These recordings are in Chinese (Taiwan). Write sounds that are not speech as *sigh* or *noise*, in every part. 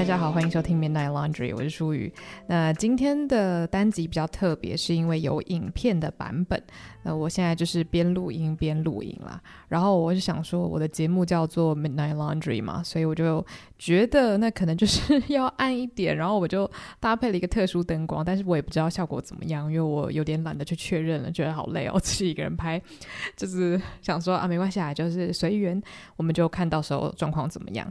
大家好，歡迎收聽 Midnight Laundry，我是舒雨。那今天的單集比較特別，是因為有影片的版本。那我現在就是邊錄音邊錄影啦。然後我就想說，我的節目叫做 Midnight Laundry 嘛，所以我就覺得那可能就是要暗一點。然後我就搭配了一個特殊燈光，但是我也不知道效果怎麼樣，因為我有點懶得去確認了，覺得好累哦，自己一個人拍，就是想說啊，沒關係啊，就是隨緣，我們就看到時候狀況怎麼樣。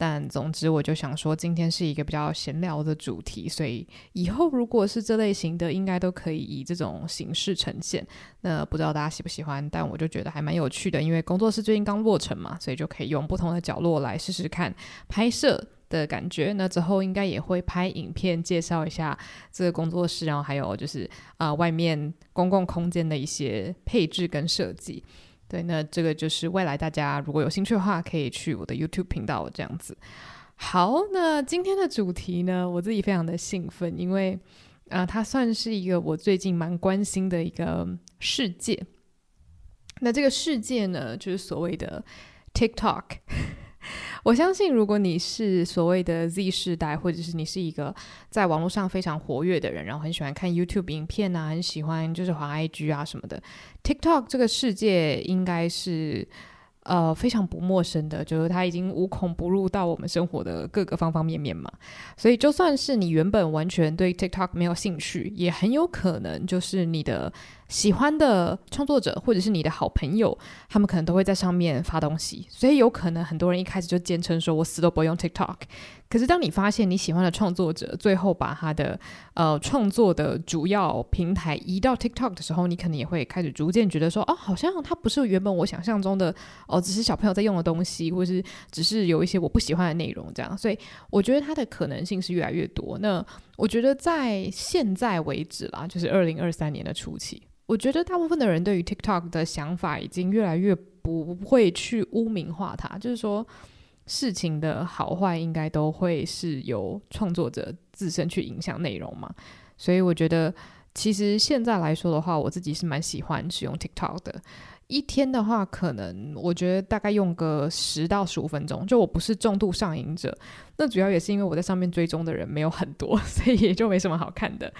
但總之，我就想說，今天是一個比較閒聊的主題，所以以後如果是這類型的，應該都可以以這種形式呈現。那不知道大家喜不喜歡，但我就覺得還蠻有趣的，因為工作室最近剛落成嘛，所以就可以用不同的角落來試試看拍攝的感覺。那之後應該也會拍影片介紹一下這個工作室，然後還有就是啊，呃，外面公共空間的一些配置跟設計。對，那這個就是未來大家如果有興趣的話，可以去我的 YouTube 頻道這樣子。好，那今天的主題呢，我自己非常的興奮，因為啊、呃，它算是一個我最近蠻關心的一個世界。那這個世界呢，就是所謂的 TikTok。我相信，如果你是所謂的 Z 世代，或者是你是一個在網絡上非常活躍的人，然後很喜歡看 YouTube 影片啊，很喜歡就是滑 IG 啊什麼的，TikTok 這個世界應該是呃非常不陌生的，就是它已經無孔不入到我們生活的各個方方面面嘛。所以，就算是你原本完全對 TikTok 沒有興趣，也很有可能就是你的。喜歡的創作者或者是你的好朋友，他們可能都會在上面發東西，所以有可能很多人一開始就堅稱說“我死都不用 TikTok”。可是，當你發現你喜歡的創作者最後把他的呃創作的主要平台移到 TikTok 的時候，你可能也會開始逐漸覺得說：“哦，好像它不是原本我想象中的哦，只是小朋友在用的東西，或是只是有一些我不喜歡的內容這樣。”所以，我覺得它的可能性是越來越多。那我覺得在現在為止啦，就是二零二三年的初期。我覺得大部分的人對於 TikTok 的想法已經越來越不會去汙名化它，就是說事情的好壞應該都會是由創作者自身去影響內容嘛。所以我覺得其實現在來說的話，我自己是蠻喜歡使用 TikTok 的。一天的話，可能我覺得大概用個十到十五分鐘，就我不是重度上癮者，那主要也是因為我在上面追蹤的人沒有很多，所以也就沒什麼好看的。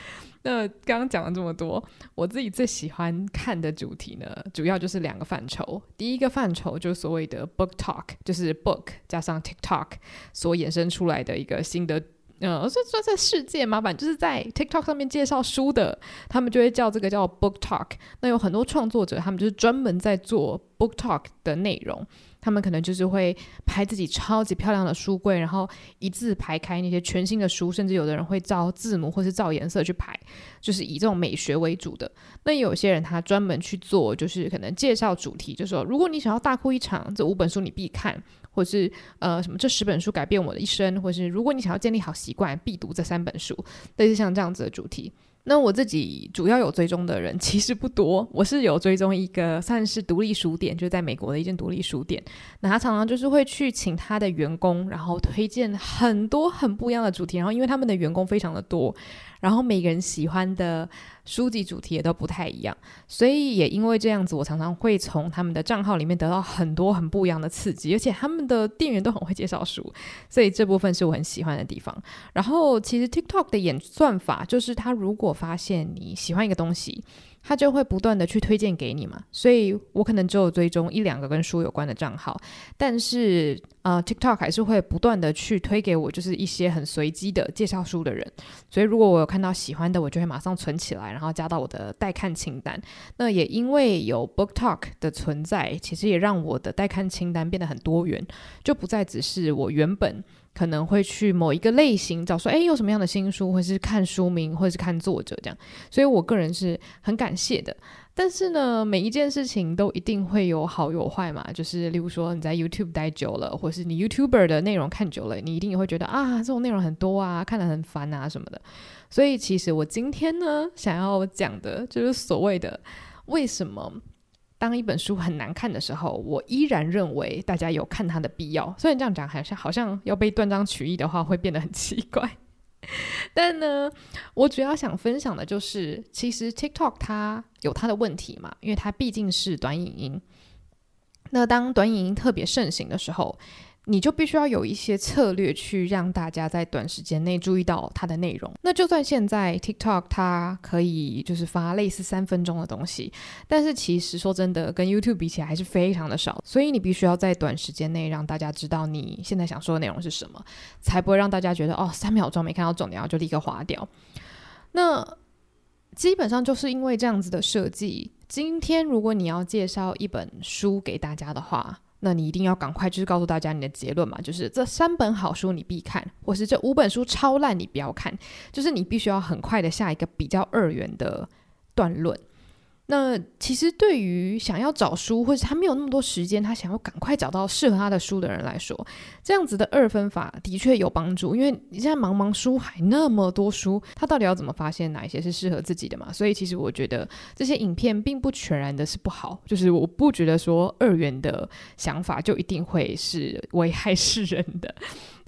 那剛剛講了這麼多，我自己最喜歡看的主題呢，主要就是兩個範疇。第一個範疇就是所謂的 book talk，就是 book 加上 TikTok 所衍生出來的一個新的。呃、嗯，所以說在世界嘛，反正就是在 TikTok 上面介紹書的，他們就會叫這個叫 Book Talk。那有很多創作者，他們就是專門在做 Book Talk 的內容，他們可能就是會拍自己超級漂亮的書櫃，然後一字排開那些全新的書，甚至有的人會照字母或是照顏色去排，就是以這種美學為主的。那有些人他專門去做，就是可能介紹主題，就是，說如果你想要大哭一場，這五本書你必看。或是呃什麼這十本書改變我的一生，或是如果你想要建立好習慣，必讀這三本書，類似像這樣子的主題。那我自己主要有追蹤的人其實不多，我是有追蹤一個算是獨立書店，就是在美國的一間獨立書店。那他常常就是會去請他的員工，然後推薦很多很不一樣的主題，然後因為他們的員工非常的多，然後每個人喜歡的。書籍主題也都不太一樣，所以也因為這樣子，我常常會從他們的賬號裡面得到很多很不一樣的刺激，而且他們的店員都很會介紹書，所以這部分是我很喜歡的地方。然後其實 TikTok 的演算法就是，他如果發現你喜歡一個東西，他就會不斷的去推薦給你嘛。所以我可能只有追蹤一兩個跟書有關的賬號，但是呃，TikTok 還是會不斷的去推給我，就是一些很隨機的介紹書的人。所以如果我有看到喜歡的，我就會馬上存起來。然後加到我的待看清單。那也因為有 Book Talk 的存在，其實也讓我的待看清單變得很多元，就不再只是我原本可能會去某一個類型找說，哎，有什麼樣的新書，或是看書名，或是看作者這樣。所以我個人是很感謝的。但是呢，每一件事情都一定會有好有壞嘛。就是例如說，你在 YouTube 待久了，或是你 YouTuber 的內容看久了，你一定也會覺得啊，這種內容很多啊，看得很煩啊什麼的。所以，其實我今天呢，想要講的就是所謂的為什麼當一本書很難看的時候，我依然認為大家有看它的必要。雖然這樣講好像好像要被斷章取義的話，會變得很奇怪，但呢，我主要想分享的就是，其實 TikTok 它有它的問題嘛，因為它畢竟是短影音。那當短影音特別盛行的時候。你就必須要有一些策略去讓大家在短時間內注意到它的內容。那就算現在 TikTok 它可以就是發類似三分鐘的東西，但是其實說真的，跟 YouTube 比起來還是非常的少。所以你必須要在短時間內讓大家知道你現在想說的內容是什麼，才不會讓大家覺得哦，三秒鐘沒看到重點，然後就立刻劃掉。那基本上就是因為這樣子的設計，今天如果你要介紹一本書給大家的話。那你一定要趕快，就是告訴大家你的結論嘛，就是這三本好書你必看，或是這五本書超爛你不要看，就是你必須要很快的下一個比較二元的斷論。那其實對於想要找書，或者他沒有那麼多時間，他想要趕快找到適合他的書的人來說，這樣子的二分法的確有幫助。因為你現在茫茫書海那麼多書，他到底要怎麼發現哪一些是適合自己的嘛？所以其實我覺得這些影片並不全然的是不好，就是我不覺得說二元的想法就一定會是危害世人的。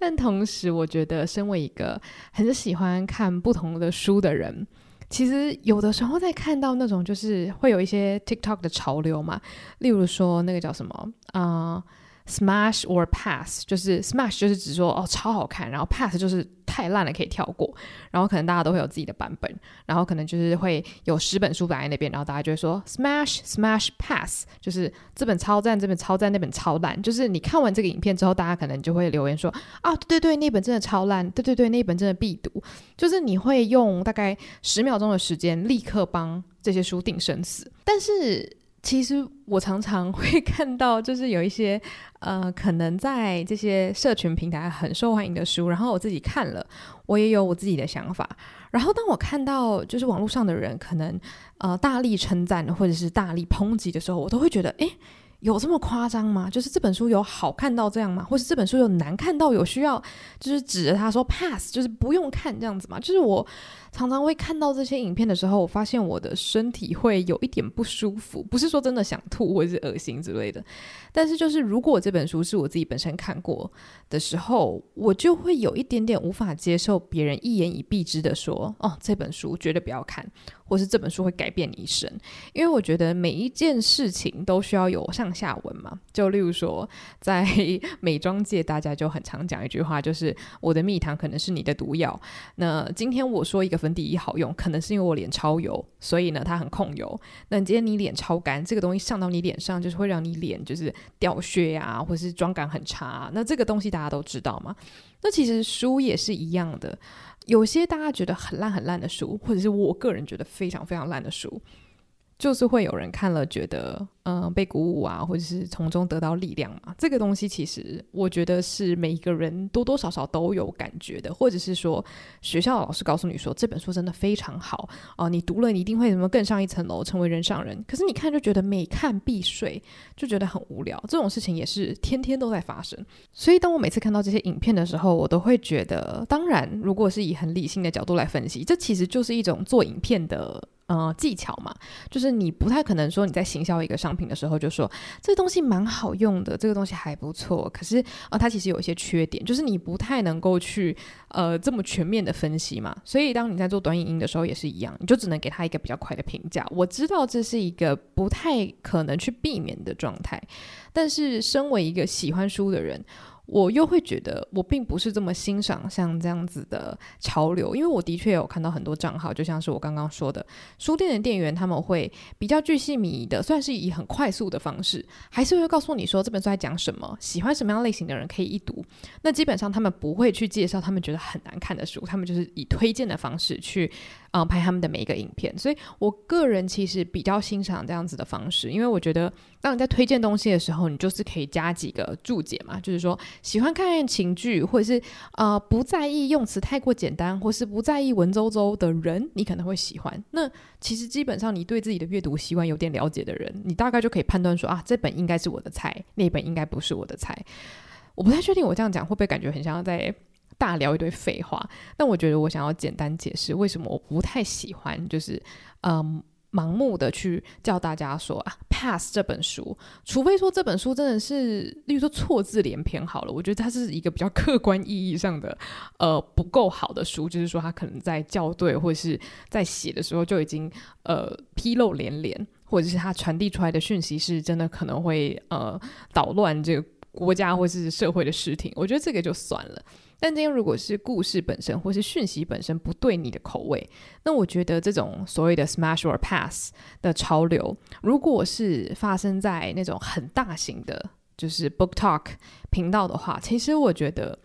但同時，我覺得身為一個很喜歡看不同的書的人。其實有的時候在看到那種，就是會有一些 TikTok 的潮流嘛，例如說那個叫什麼啊？呃 Smash or pass，就是 Smash 就是指說哦超好看，然後 Pass 就是太爛了可以跳過。然後可能大家都會有自己的版本，然後可能就是會有十本書擺在那邊，然後大家就會說 Smash Smash Pass，就是這本超讚，這本超讚，那本超爛。就是你看完這個影片之後，大家可能就會留言說啊對對對，那本真的超爛，對對對，那本真的必讀。就是你會用大概十秒鐘的時間，立刻幫這些書定生死。但是。其實我常常會看到，就是有一些呃，可能在這些社群平台很受歡迎的書，然後我自己看了，我也有我自己的想法。然後當我看到就是網絡上的人可能呃大力稱讚，或者是大力抨擊的時候，我都會覺得，哎，有這麼誇張嗎？就是這本書有好看到這樣嗎？或是這本書有難看到有需要，就是指着他說 pass，就是不用看這樣子嗎？就是我。常常會看到這些影片的時候，我發現我的身體會有一點不舒服，不是說真的想吐或者是噁心之類的。但是，就是如果這本書是我自己本身看過的時候，我就會有一點點無法接受別人一言以蔽之的說：“哦，這本書絕對不要看，或是這本書會改變你一生。”因為我覺得每一件事情都需要有上下文嘛。就例如說，在美妝界，大家就很常講一句話，就是“我的蜜糖可能是你的毒藥”。那今天我說一個。粉底液好用，可能是因為我臉超油，所以呢，它很控油。那你今天你臉超乾，這個東西上到你臉上就是會讓你臉就是掉屑啊，或者是妝感很差啊。那這個東西大家都知道嘛。那其實書也是一樣的，有些大家覺得很爛很爛的書，或者是我個人覺得非常非常爛的書。就是會有人看了覺得，嗯、呃，被鼓舞啊，或者是從中得到力量嘛。這個東西其實我覺得是每一個人多多少少都有感覺的，或者是說學校老師告訴你說，這本書真的非常好啊、呃，你讀了你一定會什麼更上一層樓，成為人上人。可是你看就覺得每看必睡，就覺得很無聊。這種事情也是天天都在發生。所以當我每次看到這些影片的時候，我都會覺得，當然如果是以很理性的角度來分析，這其實就是一種做影片的。呃，技巧嘛，就是你不太可能說你在行銷一個商品的時候，就說這東西蠻好用的，這個東西還不錯。可是啊、呃，它其實有一些缺點，就是你不太能夠去呃這麼全面的分析嘛。所以，當你在做短影音的時候也是一樣，你就只能給他一個比較快的評價。我知道這是一個不太可能去避免的狀態，但是身為一個喜歡書的人。我又會覺得，我並不是這麼欣賞像這樣子的潮流，因為我的確有看到很多賬號，就像是我剛剛說的，書店的店員他們會比較巨細靡遺的，算是以很快速的方式，還是會告訴你說，這本書在講什麼，喜歡什麼樣類型的人可以一讀。那基本上他們不會去介紹他們覺得很難看的書，他們就是以推薦的方式去。啊、呃，拍他們的每一個影片，所以我個人其實比較欣賞這樣子的方式，因為我覺得，當你在推薦東西的時候，你就是可以加幾個注解嘛，就是說，喜歡看情劇，或者是啊、呃，不在意用詞太過簡單，或是不在意文縐縐的人，你可能會喜歡。那其實基本上，你對自己的閱讀習慣有點了解的人，你大概就可以判斷說，啊，這本應該是我的菜，那本應該不是我的菜。我不太確定，我這樣講會不會感覺很像在。大聊一堆廢話，但我覺得我想要簡單解釋為什麼我不太喜歡，就是嗯、呃，盲目的去叫大家說啊，pass 這本書，除非說這本書真的是，例如說錯字連篇好了，我覺得它是一個比較客觀意義上的呃不夠好的書，就是說它可能在校對或者是，在寫的時候就已經呃紕漏連連，或者是它傳遞出來的訊息是真的可能會呃搗亂這個國家或者是社會的視聽，我覺得這個就算了。但今天如果是故事本身或是訊息本身不對你的口味，那我覺得這種所謂的 smash or pass 的潮流，如果是發生在那種很大型的，就是 book talk 頻道的話，其實我覺得。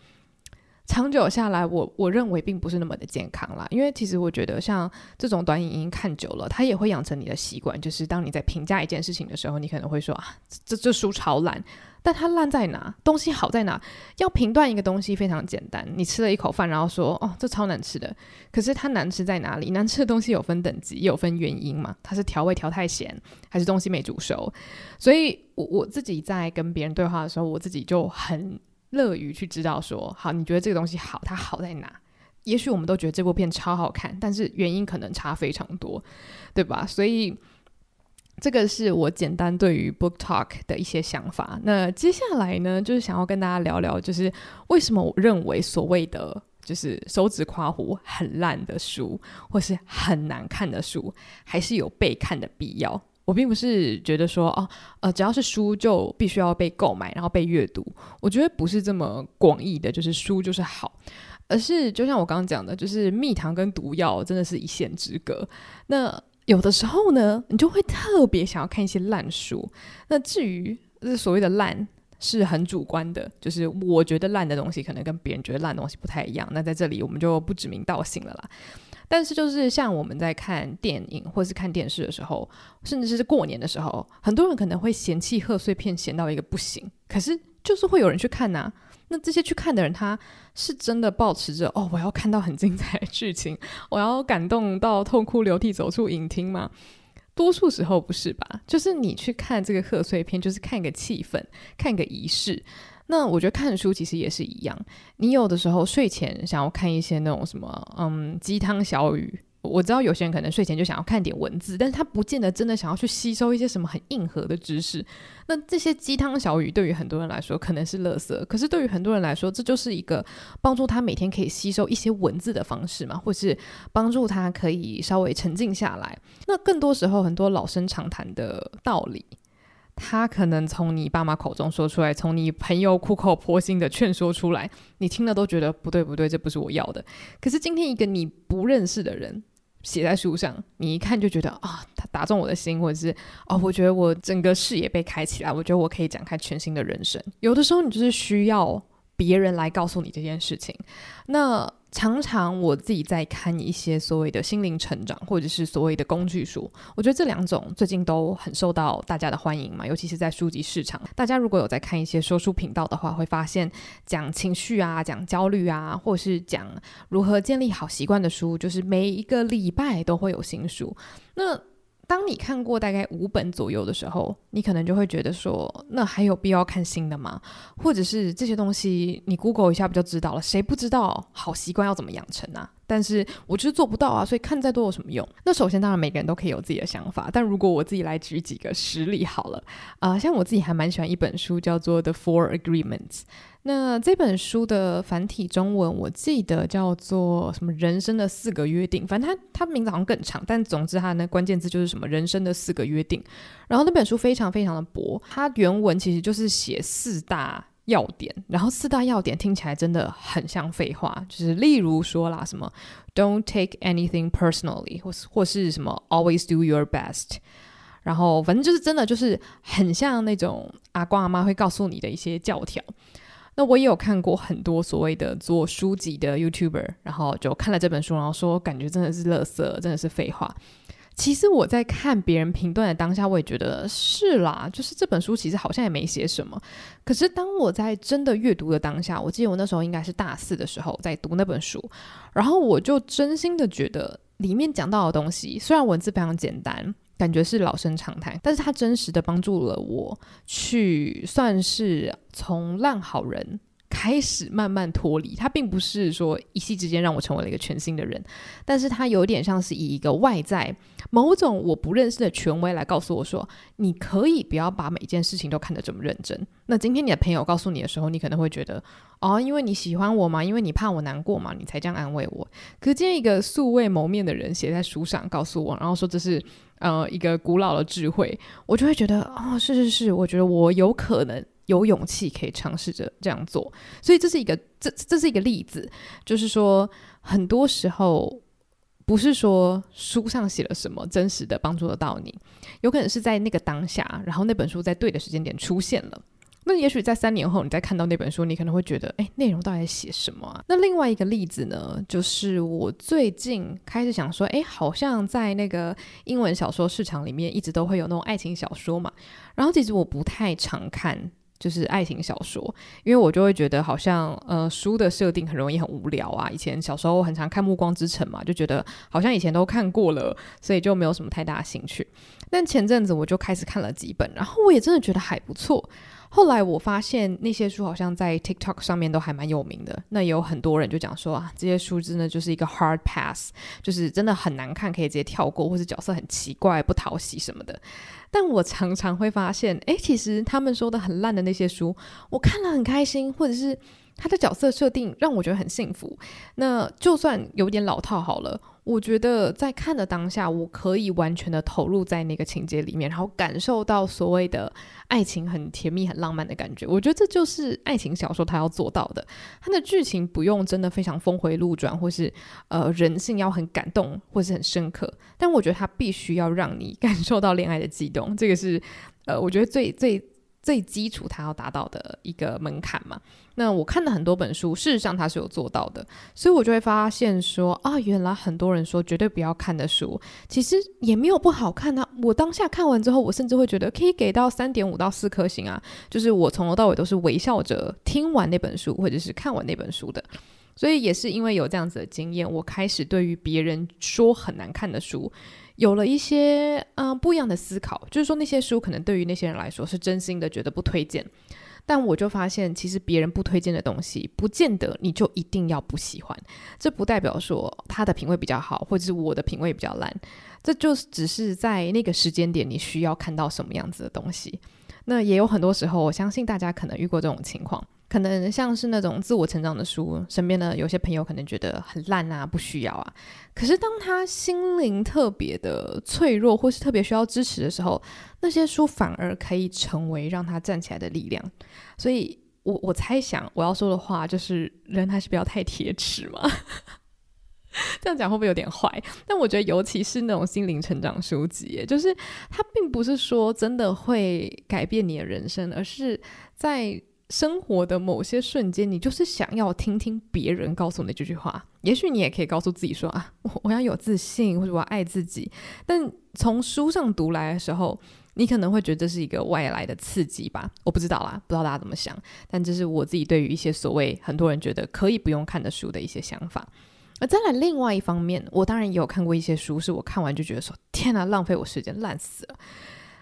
長久下來我，我我認為並不是那麼的健康啦。因為其實我覺得，像這種短影音看久了，它也會養成你的習慣。就是當你在評價一件事情的時候，你可能會說啊，這這書超爛。但它爛在哪？東西好在哪？要評斷一個東西非常簡單。你吃了一口飯，然後說哦，這超難吃的。可是它難吃在哪裡？難吃的東西有分等級，也有分原因嘛。它是調味調太鹹，還是東西沒煮熟？所以我我自己在跟別人對話的時候，我自己就很。樂於去知道說，好，你覺得這個東西好，它好在哪？也許我們都覺得這部片超好看，但是原因可能差非常多，對吧？所以這個是我簡單對於 Book Talk 的一些想法。那接下來呢，就是想要跟大家聊聊，就是為什麼我認為所謂的就是手指誇胡很爛的書，或是很難看的書，還是有被看的必要。我並不是覺得說哦，呃，只要是書就必須要被購買，然後被閱讀。我覺得不是這麼廣義的，就是書就是好，而是就像我剛剛講的，就是蜜糖跟毒藥真的是一線之隔。那有的時候呢，你就會特別想要看一些爛書。那至於這所謂的爛，是很主觀的，就是我覺得爛的東西，可能跟別人覺得爛的東西不太一樣。那在這裡我們就不指名道姓了啦。但是就是像我們在看電影或是看電視的時候，甚至是過年的時候，很多人可能會嫌棄賀歲片嫌到一個不行，可是就是會有人去看吶、啊。那這些去看的人，他是真的抱持着哦，我要看到很精彩的劇情，我要感動到痛哭流涕走出影廳嗎？多數時候不是吧？就是你去看這個賀歲片，就是看一個氣氛，看一個儀式。那我覺得看書其實也是一樣，你有的時候睡前想要看一些那種什麼，嗯，雞湯小語。我知道有些人可能睡前就想要看點文字，但是他不見得真的想要去吸收一些什麼很硬核的知識。那這些雞湯小語對於很多人來說可能是垃圾，可是對於很多人來說，這就是一個幫助他每天可以吸收一些文字的方式嘛，或是幫助他可以稍微沉靜下來。那更多時候，很多老生常談的道理。他可能從你爸媽口中說出來，從你朋友苦口婆心的勸說出來，你聽了都覺得不對不對，這不是我要的。可是今天一個你不認識的人寫在書上，你一看就覺得啊、哦，他打中我的心，或者是啊、哦，我覺得我整個視野被開啟了，我覺得我可以展開全新的人生。有的時候你就是需要別人來告訴你這件事情，那。常常我自己在看一些所謂的心靈成長，或者是所謂的工具書。我覺得這兩種最近都很受到大家的歡迎嘛，尤其是在書籍市場。大家如果有在看一些說書頻道的話，會發現講情緒啊、講焦慮啊，或是講如何建立好習慣的書，就是每一個禮拜都會有新書。那當你看過大概五本左右的時候，你可能就會覺得說，那還有必要看新的嗎？或者是這些東西，你 Google 一下不就知道了？誰不知道好習慣要怎麼養成啊？但是我就是做不到啊，所以看再多有什麼用？那首先當然每個人都可以有自己的想法，但如果我自己來舉幾個實例好了，啊、呃，像我自己還蠻喜歡一本書叫做《The Four Agreements》，那這本書的繁體中文我記得叫做什麼人生的四個約定，反正它它名字好像更長，但總之它的關鍵字就是什麼人生的四個約定。然後那本書非常非常的薄，它原文其實就是寫四大。要點，然後四大要點聽起來真的很像廢話，就是例如說啦，什麼 Don't take anything personally，或是或是什麼 Always do your best，然後反正就是真的就是很像那種阿公阿媽會告訴你的一些教條。那我也有看過很多所謂的做書籍的 YouTuber，然後就看了這本書，然後說感覺真的是垃圾，真的是廢話。其實我在看別人評論的當下，我也覺得是啦。就是這本書其實好像也沒寫什麼，可是當我在真的閱讀的當下，我記得我那時候應該是大四的時候在讀那本書，然後我就真心的覺得裡面講到的東西，雖然文字非常簡單，感覺是老生常談，但是它真實的幫助了我去算是從爛好人。開始慢慢脫離，他並不是說一夕之間讓我成為了一個全新的人，但是他有點像是以一個外在某種我不認識的權威來告訴我說，你可以不要把每件事情都看得這麼認真。那今天你的朋友告訴你的時候，你可能會覺得，哦，因為你喜歡我嘛，因為你怕我難過嘛，你才這樣安慰我。可是今天一個素未謀面的人寫在書上告訴我，然後說這是呃一個古老的智慧，我就會覺得，哦，是是是，我覺得我有可能，有勇氣可以嘗試着這樣做，所以這是一個這這是一個例子，就是說很多時候不是說書上寫了什麼真實的幫助得到你，有可能是在那個當下，然後那本書在對的時間點出現了，那也許在三年後你再看到那本書，你可能會覺得哎，內容到底在寫什麼啊？那另外一個例子呢，就是我最近開始想說，哎，好像在那個英文小說市場裡面，一直都會有那種愛情小說嘛，然後其實我不太常看。就是愛情小說，因為我就會覺得好像，呃，書的設定很容易很無聊啊。以前小時候很常看《暮光之城》嘛，就覺得好像以前都看過了，所以就沒有什麼太大興趣。但前陣子我就開始看了幾本，然後我也真的覺得還不錯。後來我發現那些書好像在 TikTok 上面都還蠻有名的，那也有很多人就講說啊，這些書真的就是一個 hard pass，就是真的很難看，可以直接跳過，或是角色很奇怪不討喜什麼的。但我常常會發現，哎，其實他們說的很爛的那些書，我看了很開心，或者是。他的角色設定讓我覺得很幸福。那就算有點老套好了，我覺得在看的當下，我可以完全的投入在那個情節裡面，然後感受到所謂的愛情很甜蜜、很浪漫的感覺。我覺得這就是愛情小說他要做到的。他的劇情不用真的非常峰回路轉，或是呃人性要很感動或是很深刻，但我覺得他必須要讓你感受到戀愛的悸動。這個是呃，我覺得最最。最基礎，它要達到的一個門檻嘛。那我看了很多本書，事實上它是有做到的，所以我就會發現說，啊，原來很多人說絕對不要看的書，其實也沒有不好看啊。我當下看完之後，我甚至會覺得可以給到三點五到四顆星啊，就是我從頭到尾都是微笑着聽完那本書，或者是看完那本書的。所以也是因為有這樣子的經驗，我開始對於別人說很難看的書。有了一些嗯、呃、不一樣的思考，就是說那些書可能對於那些人來說是真心的覺得不推薦，但我就發現其實別人不推薦的東西，不見得你就一定要不喜歡。這不代表說他的品味比較好，或者是我的品味比較爛，這就是只是在那個時間點你需要看到什麼樣子的東西。那也有很多時候，我相信大家可能遇過這種情況。可能像是那種自我成長的書，身邊的有些朋友可能覺得很爛啊，不需要啊。可是當他心靈特別的脆弱或是特別需要支持的時候，那些書反而可以成為讓他站起來的力量。所以，我我猜想我要說的話就是，人還是不要太鐵齒嘛。 *laughs* 這樣講會不會有點壞？但我覺得，尤其是那種心靈成長書籍，就是它並不是說真的會改變你的人生，而是在。生活的某些瞬間，你就是想要聽聽別人告訴你這句話。也許你也可以告訴自己說：“啊，我我要有自信，或者我要愛自己。”但從書上讀來的時候，你可能會覺得這是一個外來的刺激吧？我不知道啦，不知道大家怎麼想。但這是我自己對於一些所謂很多人覺得可以不用看的書的一些想法。而再來，另外一方面，我當然也有看過一些書，是我看完就覺得說：“天吶，浪費我時間，爛死了。”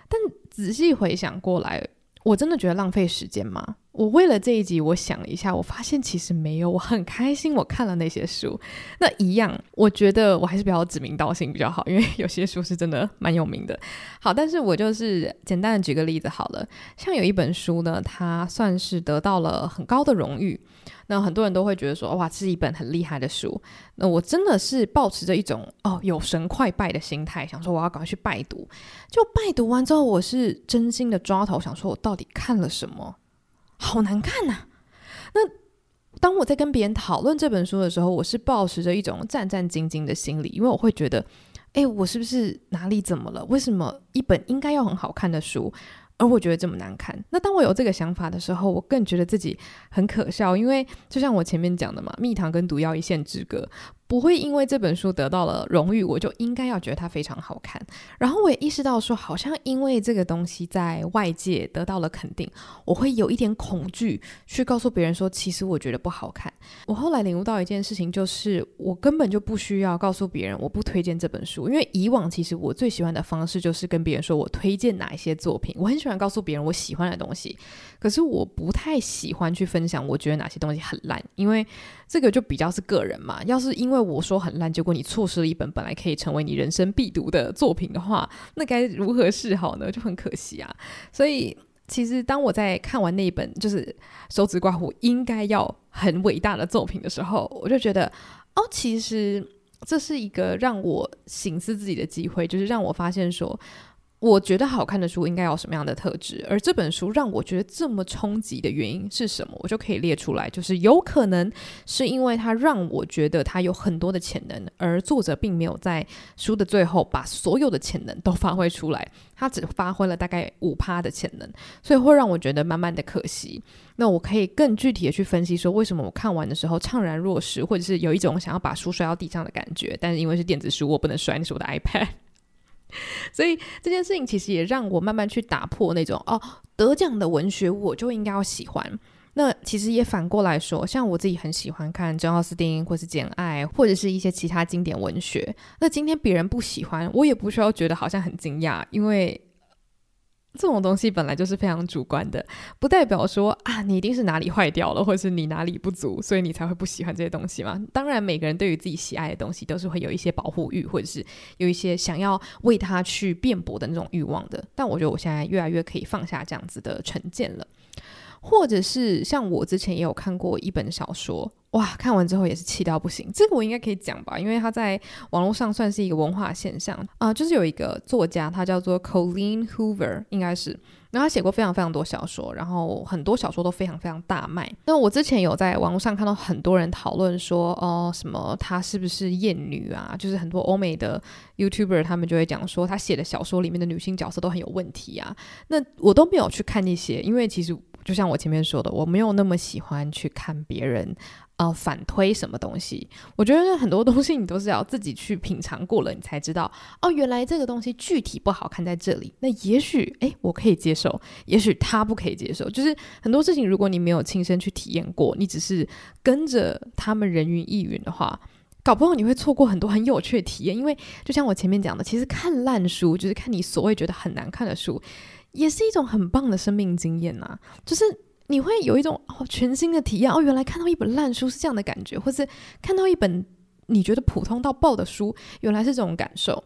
但仔細回想過來，我真的覺得浪費時間嗎？我為了這一集，我想了一下，我發現其實沒有，我很開心。我看了那些書，那一樣，我覺得我還是比較指名道姓比較好，因為有些書是真的蠻有名的。好，但是我就是簡單的舉個例子好了，像有一本書呢，它算是得到了很高的榮譽，那很多人都會覺得說，哇，這是一本很厲害的書。那我真的是抱持着一種哦，有神快拜的心態，想說我要趕快去拜讀。就拜讀完之後，我是真心的抓頭，想說我到底看了什麼。好難看吶、啊！那當我在跟別人討論這本書的時候，我是抱持着一種戰戰兢兢的心理，因為我會覺得，哎，我是不是哪裡怎麼了？為什麼一本應該要很好看的書，而我覺得這麼難看？那當我有這個想法的時候，我更覺得自己很可笑，因為就像我前面講的嘛，蜜糖跟毒藥一線之隔。不會因為這本書得到了榮譽，我就應該要覺得它非常好看。然後我也意識到說，好像因為這個東西在外界得到了肯定，我會有一點恐懼去告訴別人說，其實我覺得不好看。我後來領悟到一件事情，就是我根本就不需要告訴別人我不推薦這本書，因為以往其實我最喜歡的方式就是跟別人說我推薦哪一些作品，我很喜歡告訴別人我喜歡的東西，可是我不太喜歡去分享我覺得哪些東西很爛，因為這個就比較是個人嘛。要是因為因為我說很爛，結果你錯失了一本本來可以成為你人生必讀的作品的話，那該如何是好呢？就很可惜啊。所以其實當我在看完那一本就是《手指刮胡》應該要很偉大的作品的時候，我就覺得哦，其實這是一個讓我省思自己的機會，就是讓我發現說。我覺得好看的書應該有什麼樣的特質？而這本書讓我覺得這麼衝擊的原因是什麼？我就可以列出來，就是有可能是因為它讓我覺得它有很多的潛能，而作者並沒有在書的最後把所有的潛能都發揮出來，它只發揮了大概五趴的潛能，所以會讓我覺得慢慢的可惜。那我可以更具體的去分析說，為什麼我看完的時候悵然若失，或者是有一種想要把書摔到地上的感覺？但是因為是電子書，我不能摔，那是我的 iPad。 *laughs* 所以這件事情其實也讓我慢慢去打破那種哦，得獎的文學我就應該要喜歡。那其實也反過來說，像我自己很喜歡看《珍奧斯汀》或是《簡愛》，或者是一些其他經典文學。那今天別人不喜歡，我也不需要覺得好像很驚訝，因為。這種東西本來就是非常主觀的，不代表說啊，你一定是哪裡壞掉了，或者是你哪裡不足，所以你才會不喜歡這些東西嘛。當然，每個人對於自己喜愛的東西，都是會有一些保護慾，或者是有一些想要為他去辯駁的那種慾望的。但我覺得我現在越來越可以放下這樣子的成見了，或者是像我之前也有看過一本小說。哇，看完之後也是氣到不行。這個我應該可以講吧，因為他在網絡上算是一個文化現象啊、呃。就是有一個作家，他叫做 Colleen Hoover，應該是。然後他寫過非常非常多小說，然後很多小說都非常非常大賣。那我之前有在網絡上看到很多人討論說，哦、呃，什麼他是不是厭女啊？就是很多歐美的 YouTuber 他們就會講說，他寫的小說裡面的女性角色都很有問題啊。那我都沒有去看那些，因為其實。就像我前面說的，我沒有那麼喜歡去看別人，呃，反推什麼東西。我覺得很多東西你都是要自己去品嘗過了，你才知道哦，原來這個東西具體不好看在這裡。那也許，哎，我可以接受；也許他不可以接受。就是很多事情，如果你沒有親身去體驗過，你只是跟着他們人云亦云的話，搞不好你會錯過很多很有趣的體驗。因為就像我前面講的，其實看爛書就是看你所謂覺得很難看的書。也是一種很棒的生命經驗吶、啊，就是你會有一種、哦、全新的體驗哦，原來看到一本爛書是這樣的感覺，或是看到一本你覺得普通到爆的書，原來是這種感受。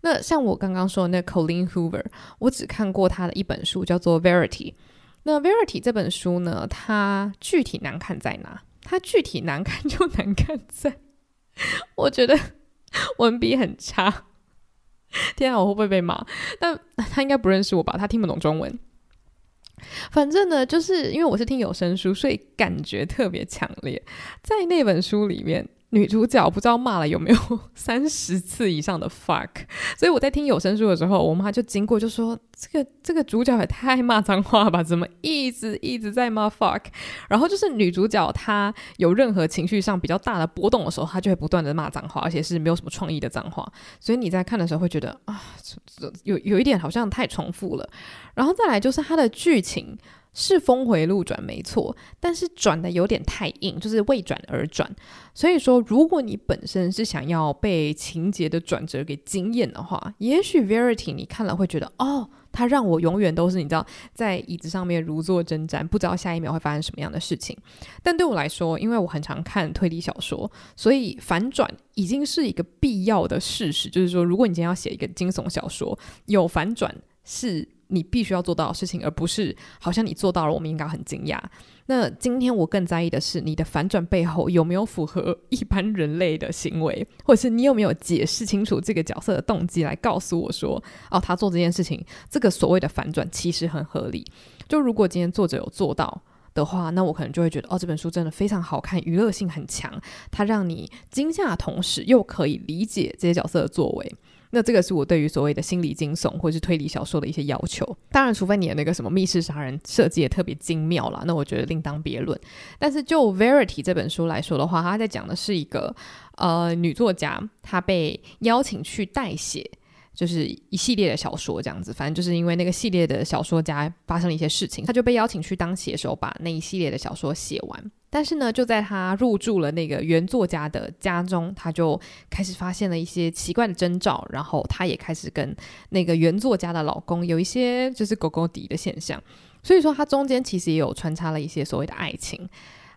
那像我剛剛說的那 Colleen Hoover，我只看過他的一本書，叫做、Verity》。那《Verity》這本書呢，它具體難看在哪？它具體難看就難看在，我覺得文筆很差。天啊，我會不會被罵？但他應該不認識我吧，他聽不懂中文。反正呢，就是因為我是聽有聲書，所以感覺特別強烈。在那本書裡面。女主角不知道罵了有沒有三十次以上的 fuck，所以我在聽有聲書的時候，我媽就經過就說：“這個這個主角也太罵髒話了吧，怎麼一直一直在罵 fuck？” 然後就是女主角她有任何情緒上比較大的波動的時候，她就會不斷的罵髒話，而且是沒有什麼創意的髒話，所以你在看的時候會覺得啊，這這有有一點好像太重複了。然後再來就是它的劇情。是峰回路轉沒錯，但是轉得有點太硬，就是為轉而轉。所以說，如果你本身是想要被情節的轉折給驚艷的話，也許《Verity》你看了會覺得，哦，它讓我永遠都是你知道，在椅子上面如坐針氈，不知道下一秒會發生什麼樣的事情。但對我來說，因為我很常看推理小說，所以反轉已經是一個必要的事實。就是說，如果你今天要寫一個驚悚小說，有反轉是，你必須要做到的事情，而不是好像你做到了，我們應該很驚訝。那今天我更在意的是，你的反轉背後有沒有符合一般人類的行為，或者是你有沒有解釋清楚這個角色的動機，來告訴我說，哦，他做這件事情，這個所謂的反轉其實很合理。就如果今天作者有做到的話，那我可能就會覺得，哦，這本書真的非常好看，娛樂性很強，它讓你驚嚇同時又可以理解這些角色的作為。那這個是我對於所謂的心理驚悚或是推理小說的一些要求。當然，除非你的那個什麼密室殺人設計也特別精妙啦。那我覺得另當別論。但是就《Verity》這本書來說的話，它在講的是一個呃女作家，她被邀請去代寫。就是一系列的小說這樣子，反正就是因為那個系列的小說家發生了一些事情，他就被邀請去當寫手，把那一系列的小說寫完。但是呢，就在他入住了那個原作家的家中，他就開始發現了一些奇怪的徵兆，然後他也開始跟那個原作家的老公有一些就是狗狗底的、的現象。所以說，他中間其實也有穿插了一些所謂的愛情，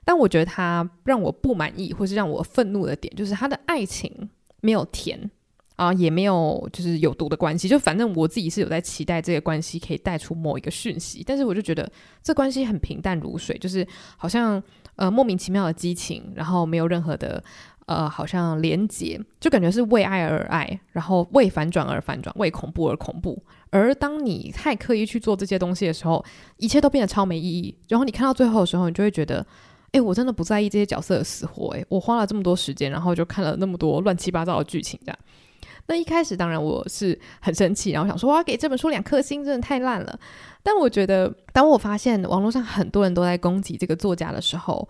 但我覺得他讓我不滿意或是讓我憤怒的點，就是他的愛情沒有甜。啊，也沒有，就是有毒的關係，就反正我自己是有在期待這個關係可以帶出某一個訊息，但是我就覺得這關係很平淡如水，就是好像呃莫名其妙的激情，然後沒有任何的呃好像連結，就感覺是為愛而愛，然後為反轉而反轉，為恐怖而恐怖。而當你太刻意去做這些東西的時候，一切都變得超沒意義。然後你看到最後的時候，你就會覺得，哎，我真的不在意這些角色的死活，哎，我花了這麼多時間，然後就看了那麼多亂七八糟的劇情，這樣。那一開始當然我是很生氣，然後想說，哇，給這本書兩顆星，真的太爛了。但我覺得，當我發現網絡上很多人都在攻擊這個作家的時候，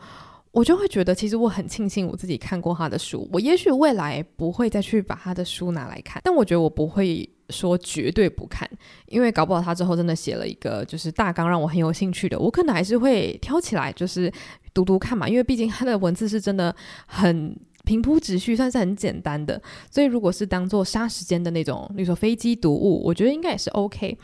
我就會覺得其實我很慶幸我自己看過他的書。我也許未來不會再去把他的書拿來看，但我覺得我不會說絕對不看，因為搞不好他之後真的寫了一個就是大綱讓我很有興趣的，我可能還是會挑起來就是讀讀看嘛，因為畢竟他的文字是真的很平鋪直敘算是很簡單的，所以如果是當做殺時間的那種，比如說飛機讀物，我覺得應該也是 OK。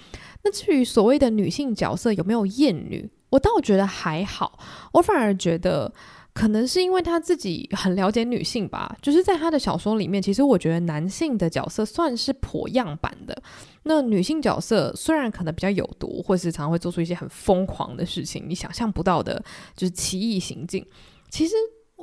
那至於所謂的女性角色有沒有厭女，我倒覺得還好，我反而覺得可能是因為她自己很了解女性吧，就是在她的小說裡面，其實我覺得男性的角色算是頗樣板的，那女性角色雖然可能比較有毒，或是常常會做出一些很瘋狂的事情，你想象不到的就是奇異行徑，其實。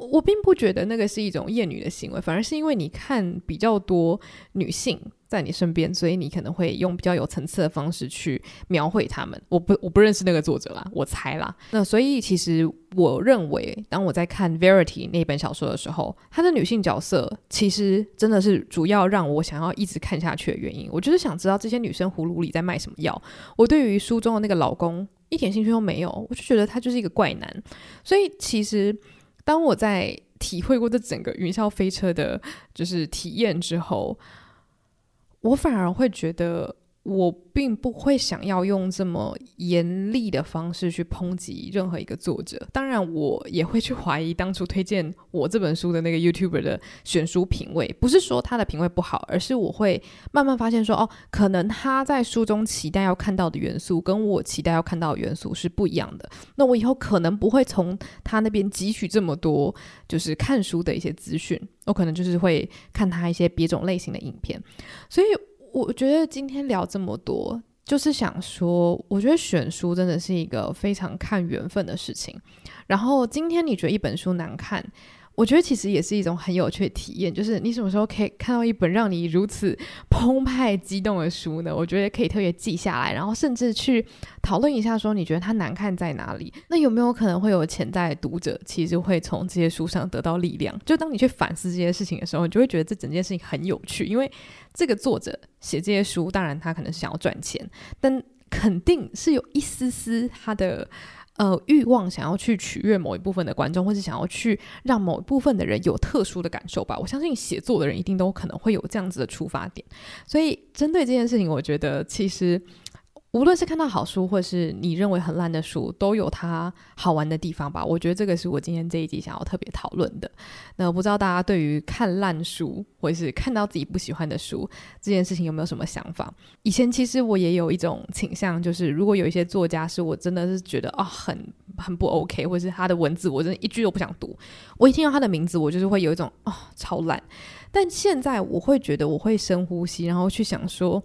我並不覺得那個是一種厭女的行為，反而是因為你看比較多女性在你身邊，所以你可能會用比較有層次的方式去描繪她們。我不，我不認識那個作者啦，我猜啦。那所以其實我認為，當我在看《Verity》那本小說的時候，她的女性角色其實真的是主要讓我想要一直看下去的原因。我就是想知道這些女生葫蘆裡在賣什麼藥。我對於書中的那個老公一點興趣都沒有，我就覺得他就是一個怪男。所以其實。當我在體會過這整個雲霄飛車的，就是體驗之後，我反而會覺得。我並不會想要用這麼嚴厲的方式去抨擊任何一個作者。當然，我也會去懷疑當初推薦我這本書的那個 YouTuber 的選書品味。不是說他的品味不好，而是我會慢慢發現說，哦，可能他在書中期待要看到的元素，跟我期待要看到的元素是不一樣的。那我以後可能不會從他那邊汲取這麼多，就是看書的一些資訊。我可能就是會看他一些別種類型的影片，所以。我覺得今天聊這麼多，就是想說，我覺得選書真的是一個非常看緣分的事情。然後今天你覺得一本書難看。我覺得其實也是一種很有趣的體驗，就是你什麼時候可以看到一本讓你如此澎湃激動的書呢？我覺得可以特別記下來，然後甚至去討論一下，說你覺得它難看在哪裡？那有沒有可能會有潛在的讀者，其實會從這些書上得到力量？就當你去反思這些事情的時候，你就會覺得這整件事情很有趣，因為這個作者寫這些書，當然他可能是想要賺錢，但肯定是有一絲絲他的。呃，欲望，想要去取悅某一部分的觀眾，或者想要去讓某一部分的人有特殊的感受吧。我相信寫作的人一定都可能會有這樣子的出發點，所以針對這件事情，我覺得其實。無論是看到好書，或是你認為很爛的書，都有它好玩的地方吧？我覺得這個是我今天這一集想要特別討論的。那我不知道大家對於看爛書，或是看到自己不喜歡的書這件事情，有沒有什麼想法？以前其實我也有一種傾向，就是如果有一些作家是我真的是覺得啊、哦，很很不 OK，或是他的文字我真的一句都不想讀，我一聽到他的名字，我就是會有一種啊、哦，超爛。但現在我會覺得，我會深呼吸，然後去想說。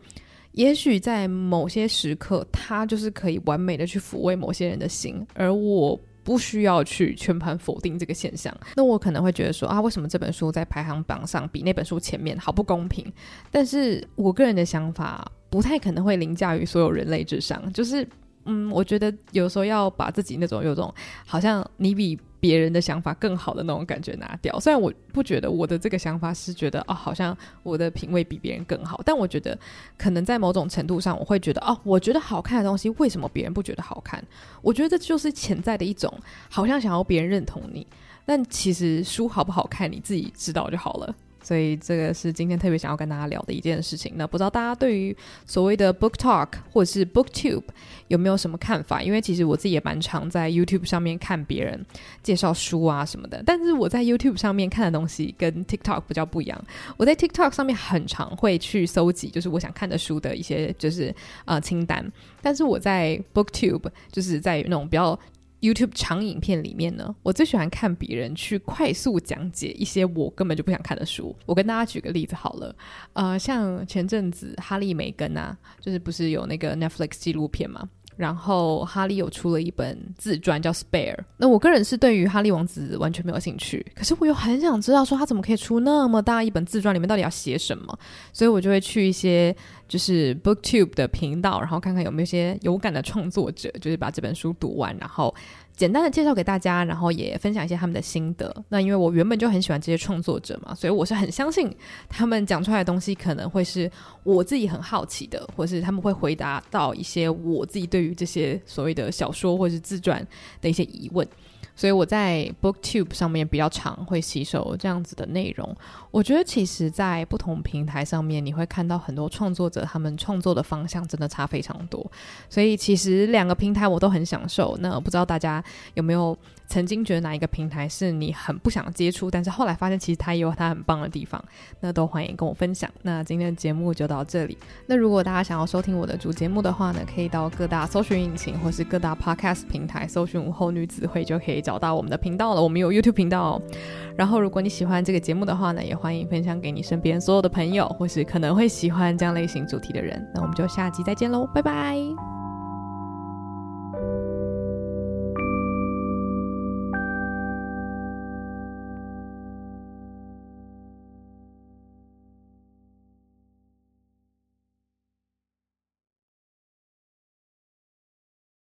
也許在某些時刻，它就是可以完美的去撫慰某些人的心，而我不需要去全盤否定這個現象。那我可能會覺得說啊，為什麼這本書在排行榜上比那本書前面，好不公平？但是我個人的想法不太可能會凌駕於所有人類之上。就是，嗯，我覺得有時候要把自己那種有種，好像你比。別人的想法更好的那種感覺拿掉，雖然我不覺得我的這個想法是覺得哦，好像我的品味比別人更好，但我覺得可能在某種程度上，我會覺得哦，我覺得好看的東西，為什麼別人不覺得好看？我覺得這就是潛在的一種，好像想要別人認同你。但其實書好不好看，你自己知道就好了。所以這個是今天特別想要跟大家聊的一件事情。那不知道大家對於所謂的 book talk 或者是 book tube 有沒有什麼看法？因為其實我自己也蠻常在 YouTube 上面看別人介紹書啊什麼的。但是我在 YouTube 上面看的東西跟 TikTok 比較不一樣。我在 TikTok 上面很常會去蒐集，就是我想看的書的一些就是啊、呃、清單。但是我在 Book Tube，就是在那種比較。YouTube 長影片裡面呢，我最喜歡看別人去快速講解一些我根本就不想看的書。我跟大家舉個例子好了，呃，像前陣子哈利梅根啊，就是不是有那個 Netflix 紀錄片嗎？然後哈利有出了一本自傳叫《Spare》，那我個人是對於哈利王子完全沒有興趣，可是我又很想知道說他怎麼可以出那麼大一本自傳，裡面到底要寫什麼，所以我就會去一些就是 BookTube 的頻道，然後看看有沒有一些有感的創作者，就是把這本書讀完，然後，簡單的介紹給大家，然後也分享一些他們的心得。那因為我原本就很喜歡這些創作者嘛，所以我是很相信他們講出來的東西可能會是我自己很好奇的，或是他們會回答到一些我自己對於這些所謂的小說或是自傳的一些疑問。所以我在 BookTube 上面比較常會吸收這樣子的內容。我覺得其實，在不同平台上面，你會看到很多創作者他們創作的方向真的差非常多。所以其實兩個平台我都很享受。那我不知道大家有沒有曾經覺得哪一個平台是你很不想接觸，但是後來發現其實它也有它很棒的地方？那都歡迎跟我分享。那今天的節目就到這裡。那如果大家想要收聽我的主節目的話呢，可以到各大搜尋引擎或是各大 Podcast 平台搜尋“午後女子會”就可以。找到我們的頻道了，我們有 YouTube 頻道哦。然後，如果你喜歡這個節目的話呢，也歡迎分享給你身邊所有的朋友，或是可能會喜歡這樣類型主題的人。那我們就下集再見嘍，拜拜。